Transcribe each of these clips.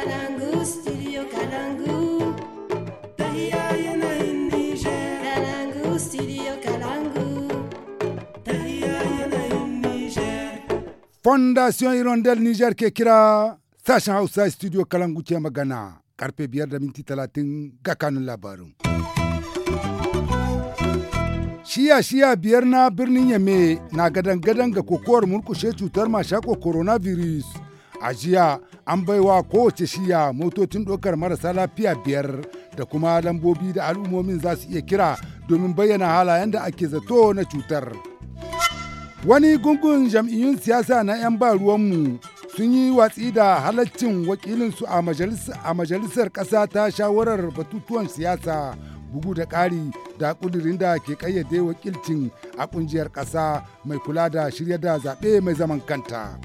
Kalangu, studio Kalangu. Fondation Irondel Niger ke kira sashen Hausa studio Kalangu ce magana. Karfe biyar da minti talatin ga kanun shiya shiya biyar na birnin yame na gadan-gadan ga kokowar murkushe cutar mashako coronavirus a jiya an baiwa kowace shiya motocin ɗaukar marasa lafiya biyar da kuma lambobi da al'ummomin za su iya kira domin bayyana halayen da ake zato na cutar wani gungun jam'iyyun siyasa na 'yan ba ruwanmu sun yi watsi da halaccin wakilinsu a majalisar ƙasa ta shawarar batutuwan siyasa bugu da ƙari da ƙudurin da ke ƙayyade wakilcin a ƙungiyar ƙasa mai kula da shirya da zaɓe mai zaman kanta.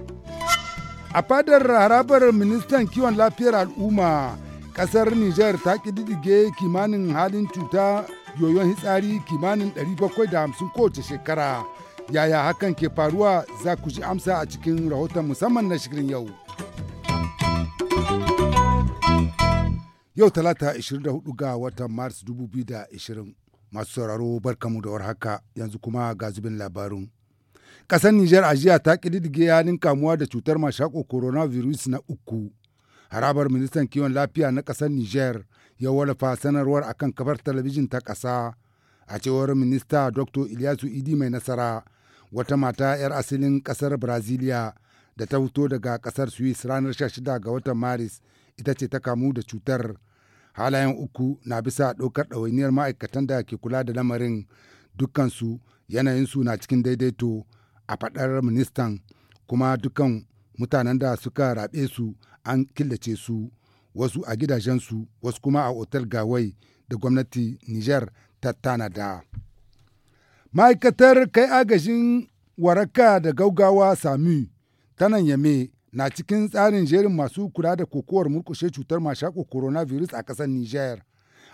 A fadar harabar ministan kiwon lafiyar al'umma, ƙasar Nijar ta ƙididdige kimanin halin cuta yoyon hitsari kimanin 750 kowace shekara. Yaya hakan ke faruwa za ku ji amsa a cikin rahoton musamman na shirin yau. Yau talata 24 ga watan Mars 2020 masu sauraro barkamu da warhaka yanzu kuma ga zubin labarin. Ƙasar Nijar a jiya ta ƙididdige yanin kamuwa da cutar mashako coronavirus na uku. Harabar ministan kiwon lafiya na ƙasar Nijar ya wallafa sanarwar akan kafar talabijin ta ƙasa. A cewar minista Dr. Ilyasu Idi mai nasara, wata mata 'yar asalin ƙasar Brazilia da ta fito daga ƙasar Swiss ranar 16 ga watan Maris ita ce ta kamu da cutar. Halayen uku na bisa ɗaukar ɗawainiyar ma'aikatan da ke kula da lamarin dukkansu yanayinsu na cikin daidaito a faɗar ministan kuma dukan mutanen da suka raɓe su an killace su wasu a gidajensu wasu kuma a otal gawai da gwamnati niger ta tanada. Ma'aikatar kai agajin waraka da gaugawa sami tanan yame na cikin tsarin jerin masu kula da kokowar murkushe cutar mashako coronavirus a ƙasar niger.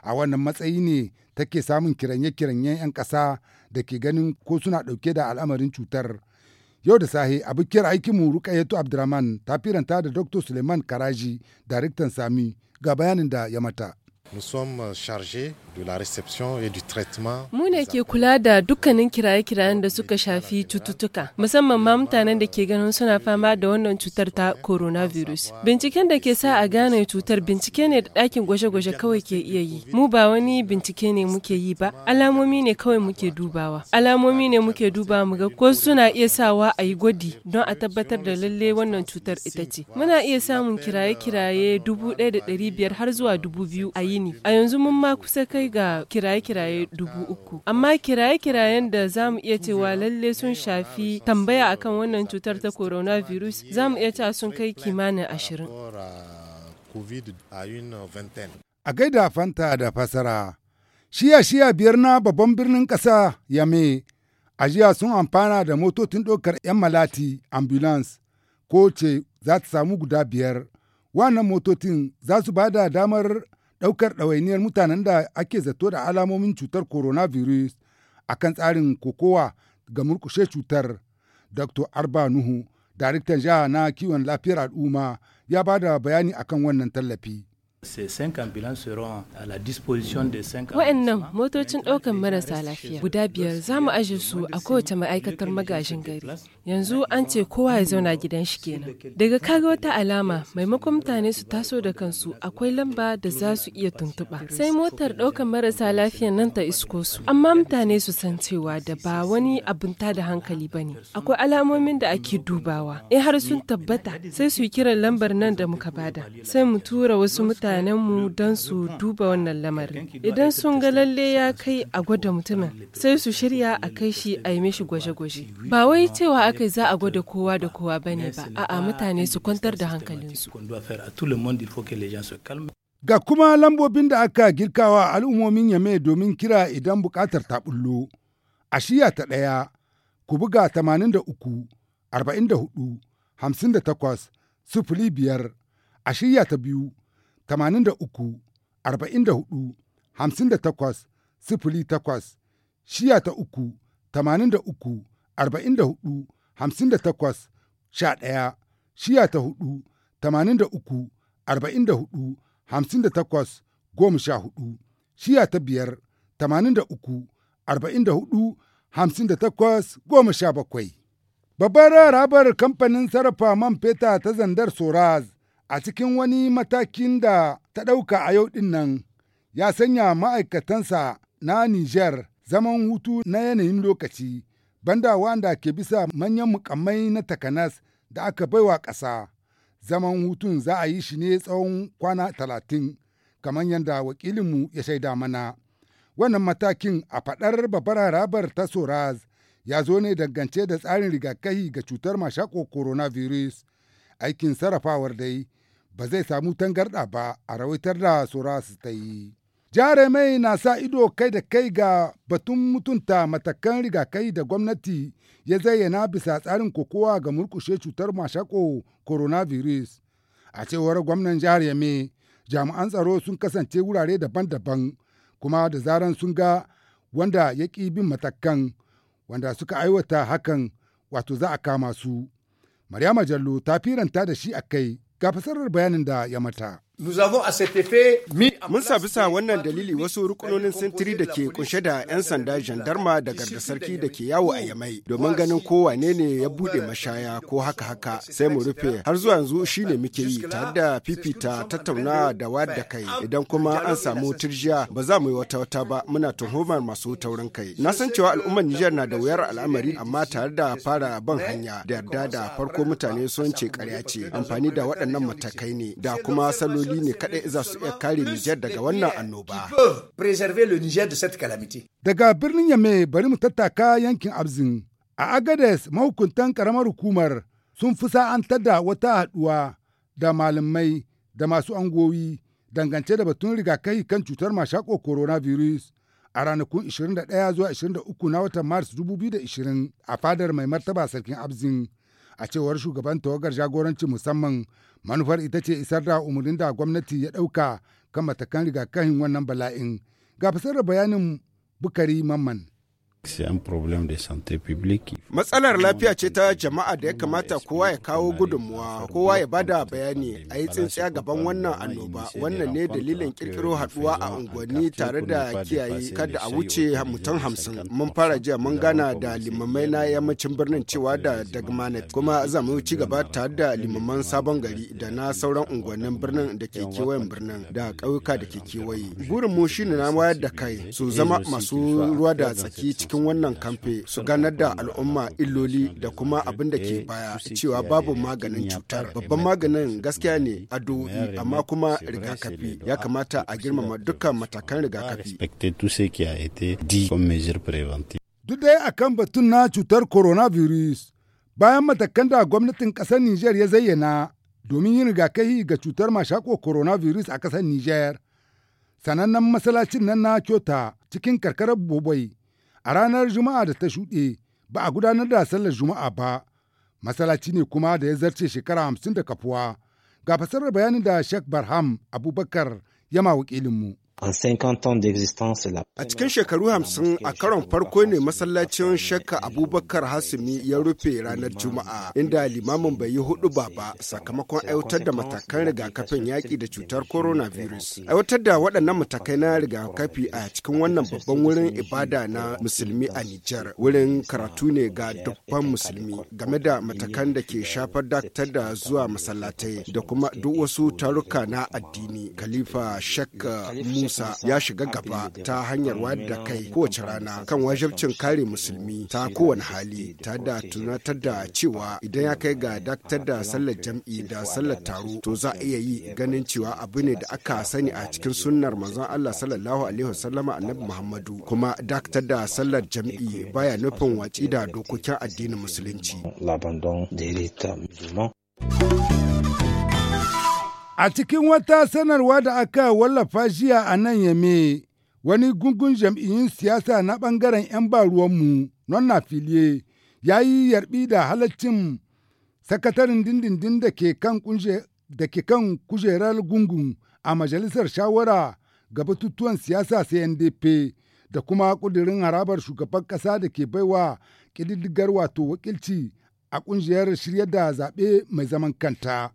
a wannan matsayi ne take samun kiranye-kiranyen 'yan ƙasa da ke ganin ko suna ɗauke da al'amarin cutar. Yau da sahe abokiyar aikinmu Rukayetu Abdurrahman ta firanta da Dr. Suleiman Karaji, daraktan Sami, ga bayanin da ya mata. Nous sommes euh, chargés de la réception et Mu ne ke kula da dukkanin kiraye-kirayen da suka shafi cututtuka, musamman ma mutanen da ke ganin suna fama da wannan cutar ta coronavirus. Binciken da ke sa a gane cutar bincike ne da dakin gwaje-gwaje kawai ke iya yi. Mu ba wani bincike ne muke yi ba, alamomi ne kawai muke dubawa. Alamomi ne muke duba mu ko suna iya sawa a yi gwadi don a tabbatar da lalle wannan cutar ita ce. Muna iya samun kiraye-kiraye dubu ɗaya da ɗari biyar har zuwa dubu biyu a yi a yanzu mun ma kusa kai ga kiraye-kiraye dubu uku amma kiraye-kirayen da za mu iya cewa lalle sun shafi tambaya akan wannan cutar ta coronavirus za mu iya cewa sun kai kimanin ashirin a gaida fanta da fasara shiya-shiya biyar na babban birnin ƙasa yame a jiya sun amfana da motocin ɗaukar 'yan malati ambulance ko ce za ta samu guda biyar wannan motocin za su ba da damar ɗaukar ɗawainiyar mutanen da ake zato da alamomin cutar coronavirus a kan tsarin kokowa ga murkushe cutar. Dr. Arba Nuhu, daraktan jiha na kiwon lafiyar al'umma, ya ba da bayani akan wannan tallafi. disposition Wa'annan motocin ɗaukan marasa lafiya guda biyar za mu aje su a kowace ma'aikatar magajin gari. Yanzu an ce kowa ya zauna gidan shi kenan. Daga kaga wata alama maimakon mutane su taso da kansu akwai lamba da za su iya tuntuɓa. Sai motar ɗaukan marasa lafiya nan ta isko su. Amma mutane su san cewa da ba wani abin da hankali ba ne. Akwai alamomin da ake dubawa. In har sun tabbata sai su yi kiran lambar nan da muka bada. Sai mu tura wasu mutane mutanen mu don su duba wannan lamarin. Idan sun ga lalle ya kai a gwada mutumin, sai su shirya a kai shi a yi mishi gwaje-gwaje. Ba wai cewa aka za a gwada kowa da kowa ba ne ba, a'a mutane su kwantar da hankalinsu. Ga kuma lambobin da aka girkawa al'ummomin yame domin kira idan bukatar ta bullo. A shiya ta ɗaya, ku buga 83, 44, 58, sufuri biyar a shirya ta biyu uku, arba'in da hudu, hamsin da takwas, sifili takwas, shiya ta uku, tamanin da uku, arba'in da hudu, hamsin da takwas, sha ɗaya, shiya ta hudu, tamanin da uku, arba'in da hudu, hamsin da takwas, goma sha hudu, shiya ta biyar, tamanin da uku, arba'in da hudu, hamsin da takwas, goma sha bakwai. Babbar rabar kamfanin sarrafa man feta ta zandar Soraz a cikin wani matakin da ta ɗauka a yau ɗin nan ya sanya ma'aikatansa na Nijar zaman hutu na yanayin lokaci, banda wanda ke bisa manyan mukammai na takanas da aka baiwa ƙasa. Zaman hutun za a yi shi ne tsawon kwana talatin, kamar yadda wakilinmu ya shaida mana. Wannan matakin a faɗar babbar harabar ta Soraz ya zo ne dangance da tsarin rigakahi ga cutar mashako coronavirus. Aikin sarrafawar dai ba zai samu tangarɗa ba a rawaitar da sora su ta yi. mai na sa ido kai da kai ga batun mutunta matakan rigakai da gwamnati ya zayyana bisa tsarin kokowa ga murkushe cutar mashako coronavirus. A cewar gwamnan jihar Yame, jami'an tsaro sun kasance wurare daban-daban kuma da zaran sun ga wanda ya ƙi bin matakan wanda suka aiwata hakan wato za a kama su. Maryama Jallo ta firanta da shi a kai. Ga fasarar bayanin da ya mata. Mun sa bisa wannan dalili wasu rukunonin sintiri da ke kunshe da 'yan sanda jandarma da garda sarki da ke yawo a yamai domin ganin kowane ne ya bude mashaya ko haka haka sai mu rufe har zuwa yanzu shine muke yi tare da fifita tattauna da wadda kai idan kuma an samu turjiya ba za mu yi wata wata ba muna tuhumar masu taurin kai. Na san cewa al'ummar Nijar na da wuyar al'amari amma tare da fara ban hanya da yarda da farko mutane sun ce karya ce amfani da waɗannan matakai ne da kuma saloli matsaloli ne kaɗai za su iya kare Nijar daga wannan annoba. Daga birnin Yame bari mu tattaka yankin Abzin. A Agades mahukuntan karamar hukumar sun fi sa'antar da wata haɗuwa da malamai da masu angowi dangance da batun rigakafi kan cutar mashako coronavirus a ranakun 21 zuwa 23 na watan Mars 2020 a fadar mai martaba sarkin Abzin. a cewar shugaban tawagar jagoranci musamman manufar ita ce isar da umarnin da gwamnati ya ɗauka kan matakan rigakafin wannan bala'in ga fasarar bayanin bukari mamman Matsalar lafiya ce ta jama'a da ya kamata kowa ya kawo gudunmuwa, kowa ya bada bayani a yi tsintsiya gaban wannan annoba. Wannan ne dalilin kirkiro haduwa a unguwanni tare da kiyaye kada a wuce mutum hamsin. Mun fara jiya mun gana da limamai na yammacin birnin cewa da Dagmanet kuma za mu ci gaba tare da limaman sabon gari da na sauran unguwannin birnin da ke kewayen birnin da ƙauyuka da ke kewaye. Burin mu shine na wayar da kai su zama masu ruwa da tsaki cikin wannan kamfe su ganar da al'umma illoli da kuma abin da ke baya cewa babu maganin cutar. Babban maganin gaskiya ne addu'o'i amma kuma rigakafi ya kamata a girmama dukkan matakan rigakafi. Duk dai akan batun na cutar coronavirus bayan matakan da gwamnatin kasar Nijar ya zayyana domin yin rigakafi ga cutar mashako coronavirus a kasar niger Sanannen masalacin nan na Kyota cikin karkarar Bobai A ranar Juma'a da ta shuɗe ba a gudanar da sallar Juma'a ba, masallaci ne kuma da ya zarce shekara hamsin da kafuwa. Ga fasarar bayanin da shek Barham Abubakar yama wakilinmu. A cikin shekaru hamsin a karon farko ne masallacin Shakka Abubakar Hasumi ya rufe ranar Juma'a inda limamin bai yi hudu ba ba sakamakon aiwatar da matakan rigakafin yaƙi da cutar coronavirus. Aiwatar da waɗannan matakai na rigakafi a cikin wannan babban wurin ibada na musulmi a Nijar wurin karatu ne ga dubban musulmi game da matakan da ke shafar dakatar da zuwa masallatai da kuma duk wasu taruka na addini. Khalifa Shakka Musa musa ya shiga gaba ta hanyar wadda kai kowace rana kan wajibcin kare musulmi ta kowane hali ta da tunatar da cewa idan ya kai ga daktar da sallar jam'i da sallar taro to za a iya yi ganin cewa abu ne da aka sani a cikin sunnar manzon Allah sallallahu alaihi wasallama annabi Muhammadu kuma daktar da sallar jam'i baya nufin watsi da dokokin addinin musulunci. A cikin wata sanarwa da aka wallafa jiya a nan Yame, wani gungun jam'iyyun siyasa na ɓangaren 'yan baruwanmu nonna filiye ya yi yarbi da halaccin sakataren dindindin da ke kan kujerar gungun a majalisar shawara ga batutuwan siyasa CNDP da kuma ƙudurin harabar shugaban ƙasa da ke baiwa ƙididdigar wato wakilci a ƙungiyar shirya da zaɓe mai zaman kanta.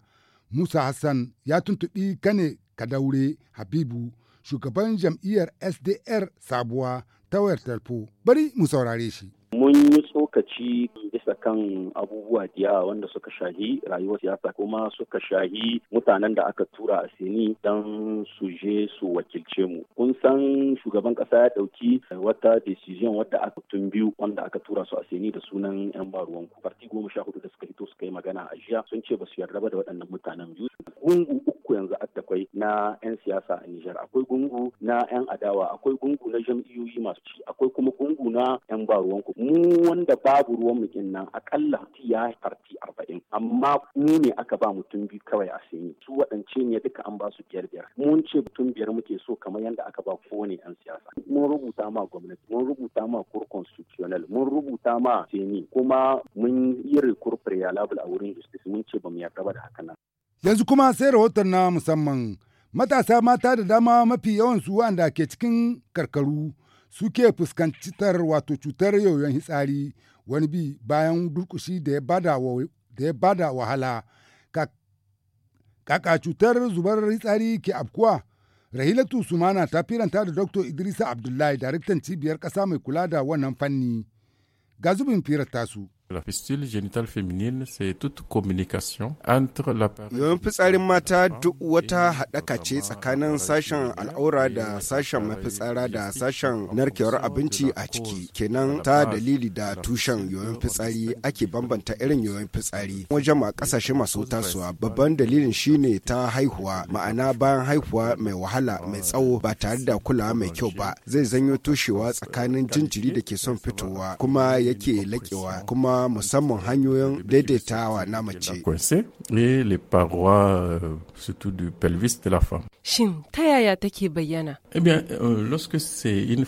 Musa Hassan ya tuntuɓi Kane Kadaure Habibu shugaban jam'iyyar SDR sabuwa ta wayar talfo. Bari mu saurare shi. Mun yi tsokaci bisa kan abubuwa diya wanda suka shahi rayuwar siyasa kuma suka shahi mutanen da aka tura a sini don su je su wakilce mu. Kun san shugaban kasa ya dauki wata decision wadda aka tun biyu wanda aka tura su a sini da sunan 'yan baruwan ku. goma sha hudu da suka hito suka yi magana a jiya sun ce ba su yarda ba da waɗannan mutanen biyu. Gungu uku yanzu takwai na 'yan siyasa a Nijar, akwai gungu na 'yan adawa, akwai gungu na jam'iyyoyi masu ci, akwai kuma gungu na 'yan baruwan ku. mu wanda babu ruwan mu nan akalla ya farti arba'in amma mu ne aka ba mutum biyu kawai a sanyi su waɗance ne duka an ba su biyar biyar mun ce mutum biyar muke so kamar yadda aka ba kowane yan siyasa mun rubuta ma gwamnati mun rubuta ma kur constitutional mun rubuta ma sanyi kuma mun yi rikur prealable a wurin justice mun ce ba mu yarda ba da haka nan. yanzu kuma sai rahoton na musamman matasa mata da dama mafi yawan su wanda ke cikin karkaru suke fuskantar wato cutar yoyon hitsari wani bi bayan durkushi da ya bada wahala kaka cutar zubar hitsari ke afkuwa rahilatu sumana ta firanta da dr idrisa abdullahi daraktan cibiyar ƙasa mai kula da wannan fanni ga zubin firar tasu La fistule génitale féminine c'est toute communication entre la Yawan fitsarin mata duk wata haɗaka ce tsakanin sashen al'aura da sashen mafitsara da sashen narkewar abinci a ciki. Kenan ta dalili da tushen yawan fitsari ake bambanta irin yawan fitsari. Wajen ma ƙasashe masu tasowa babban dalilin shine ta haihuwa ma'ana bayan haihuwa mai wahala mai tsawo ba tare da kulawa mai kyau ba zai zanyo tushewa tsakanin jinjiri da ke son fitowa kuma yake laƙewa kuma musamman hanyoyin daidaitawa na mace. Euh, Shin ta yaya take bayyana? Eh euh,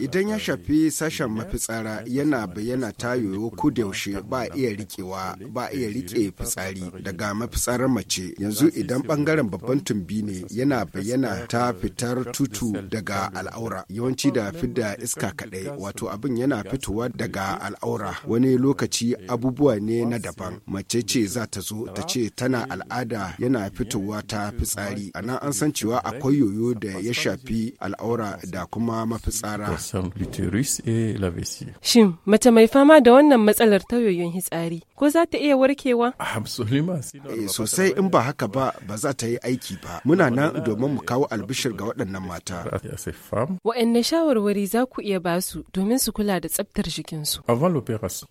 idan ya shafi sashen mafitsara yana bayyana ta yoyo ko da yaushe ba iya rikewa ba iya rike fitsari daga mafitsarar mace yanzu idan bangaren babban tumbi ne yana bayyana ta fitar tutu daga al'aura yawanci da fidda iska kadai wato abin yana fitowa daga al'aura wani lokaci lokaci abubuwa ne na daban mace ce za ta zo ta ce tana al'ada yana fitowa ta fitsari a nan an san cewa akwai yoyo da ya shafi al'aura da kuma mafitsara shin mace mai fama da wannan matsalar ta yoyon hitsari ko za ta iya warkewa eh, sosai in ba haka ba ba za ta yi aiki ba muna nan domin mu kawo albishir ga waɗannan mata waɗanne shawarwari za ku iya ba su domin su kula da tsaftar jikinsu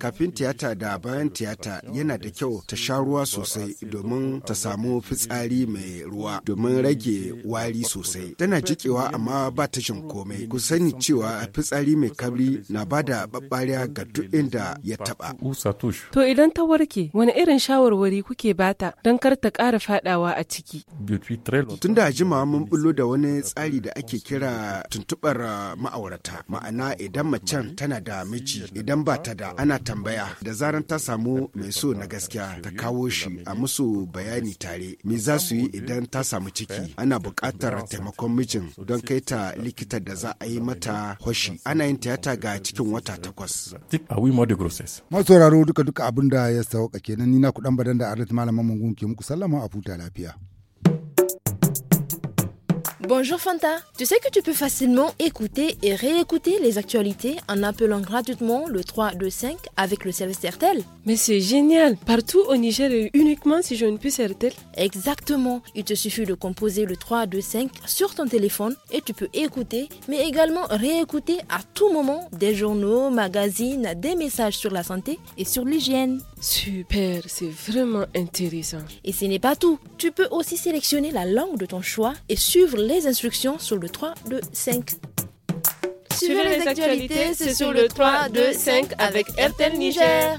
kafin tiyata da bayan tiyata yana da kyau ta sha ruwa sosai domin ta samu fitsari mai ruwa domin rage wari sosai. Tana jikewa amma ba ta shin komai. Ku sani cewa fitsari mai kabri na ba da babbariya ga duk inda ya taba. To idan ta warke wani irin shawarwari kuke bata don kar ta kara fadawa a ciki. Tunda da jima mun bullo da wani tsari da ake kira tuntubar ma'aurata ma'ana idan macen tana da miji idan ba ta da ana tambaya da zaran ta samu mai so na gaskiya ta kawo shi a musu bayani tare me za su yi idan ta samu ciki ana buƙatar taimakon mijin don kai ta likita da za a yi mata hoshi ana yin tiyata ga cikin wata takwas. Masu sauraro duka duka abin da ya sauka kenan ni na kudan badan da Arlit Malaman Mungun ke muku sallama a futa lafiya. Bonjour Fanta, tu sais que tu peux facilement écouter et réécouter les actualités en appelant gratuitement le 325 avec le service RTL. Mais c'est génial, partout au Niger et uniquement si je ne puisse RTL. Exactement, il te suffit de composer le 325 sur ton téléphone et tu peux écouter mais également réécouter à tout moment des journaux, magazines, des messages sur la santé et sur l'hygiène. Super, c'est vraiment intéressant. Et ce n'est pas tout. Tu peux aussi sélectionner la langue de ton choix et suivre les instructions sur le 3, 2, 5. Suivez les actualités, c'est sur le 3, 2, 5 avec RTL Niger.